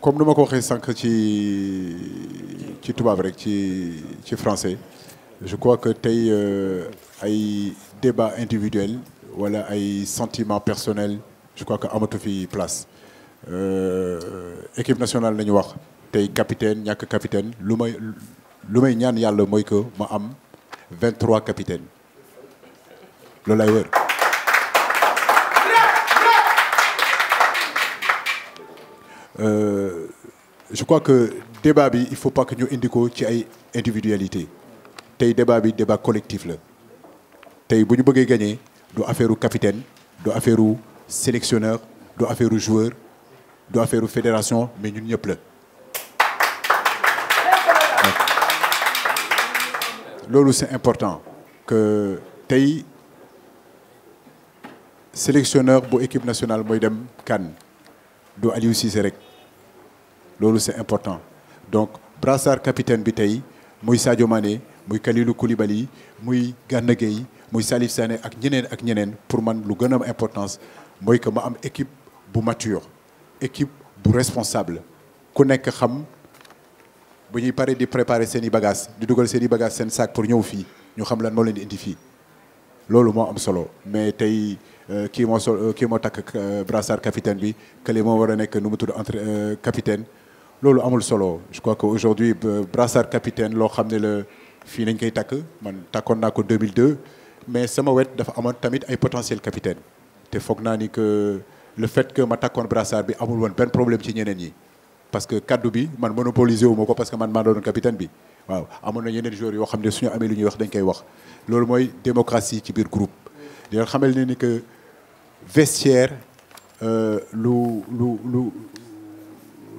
comme nous ma ko waxee sànq ci ci tubaab français je crois que as euh, ay débat individuel voilà, ay sentiment personnel je crois que amatu fi place euh, équipe nationale noire, wax es capitaine que capitaine lu may le a ñaan yàlla que ma am 23 capitaines le laïeur je crois que débat il il faut pas que nous indi qu'il y ait individualité tay débat débat collectif Si tay voulons gagner, gagner faire affaireu capitaine do faire sélectionneur do faire joueur do faire fédération mais ñun ñëpp la. lolu c'est important que tay sélectionneur de équipe nationale moy dem CAN aller aussi Cissé rek lolu c'est important donc brassard capitaine bi tey muy Sadio Mané muy Kalilou Koulibaly muy Gana muy Salif Sané ak ñeneen ak ñeneen pour man lu gëna am importance moy que ma am équipe bu mature équipe bu responsable ku nek xam bu ñuy paré di préparer seen bagages di duggal seen bagages seen sac pour ñëw fi ñu xam lan mo leen di indi fii loolu moo am solo mais tay kii mo sol kii moo euh, euh, brassard capitaine bi kële moo war a nekk nu entre euh, capitaine loolu amul solo je crois que aujourd'hui euh, brassard capitaine lo xamné le fi fii lañ koy man takkoon 2002 mais sama wet dafa amoon tamit ay potentiel capitaine te foog ni que le fait que ma takkoon brassard bi amul won ben problème ci ñeneen yi parce que kaddu bi man monopolisé wu ma parce que man ma doon capitaine bi waaw amoon na yeneen joueurs yoo xam suñu amé lu ñuy wax dañ koy wax loolu moy démocratie ci biir groupe di leen ni que vestiaire euh, lu lu lu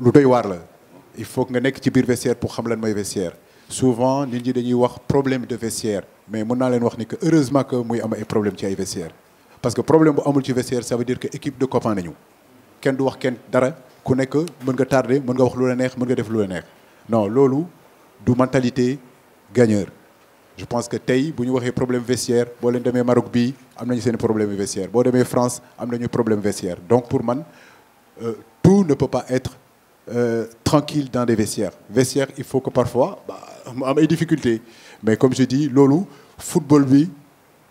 lu doy war la il faut que tu nekk ci vestiaire pour xam lan mooy vestiaire souvent nous ñi des wax problème de vestiaire mais je peux leen wax que heureusement que nous avons des problème de vestiaire parce que problème de amul vestiaire ça veut dire que équipe de copains est nous du wax kenn dara ku nekk mën nga tardé mën nga wax lu la neex mën nga def que neex non c'est du mentalité gagneur je pense que tey bu de problèmes problème vestiaire boo leen demee Maroc bii am des problèmes problème vestiaire de demee France des problèmes problème vestiaire donc pour moi, euh, tout ne peut pas être euh, tranquille dans des vestiaires. Vestiaires, il faut que parfois, bah, a des difficultés. Mais comme je dis, lolo football bi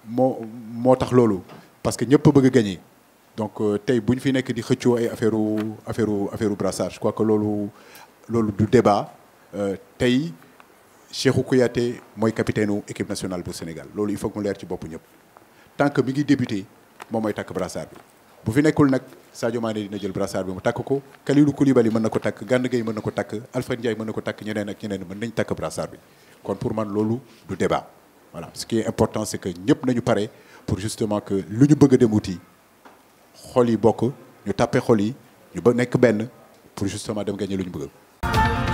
moo moo tax parce que ne bëgg pas gagner. donc euh, tey bu ñu fi nekk di xëccoo ay affaire affaire brassage quoi que lolo, lolo du débat euh, tey Cheikhou Kouyaté mooy capitaine l'équipe nationale le Sénégal Lolo, il faut que mu leer ci tant que mi ngi député, moi mooy takk brassard bu fi nekkul nag Sadio Mané dina jël brassard bi mu takk ko Kalidou Koulibaly mën na ko takk Gana Gueye mën na ko takk Alpha Ndiaye mën na ko takk ñeneen ak ñeneen mën nañ takk brassard bi kon pour man loolu du débat voilà ce qui est important c'est que ñëpp nañu pare pour justement que lu ñu bëgg a dem wuti xol yi bokk ñu tapé xol yi ñu ba nekk benn pour justement dem gagner lu ñu bëgg